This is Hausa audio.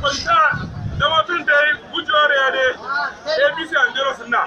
kwanta da mutum da ya gujewa a jero suna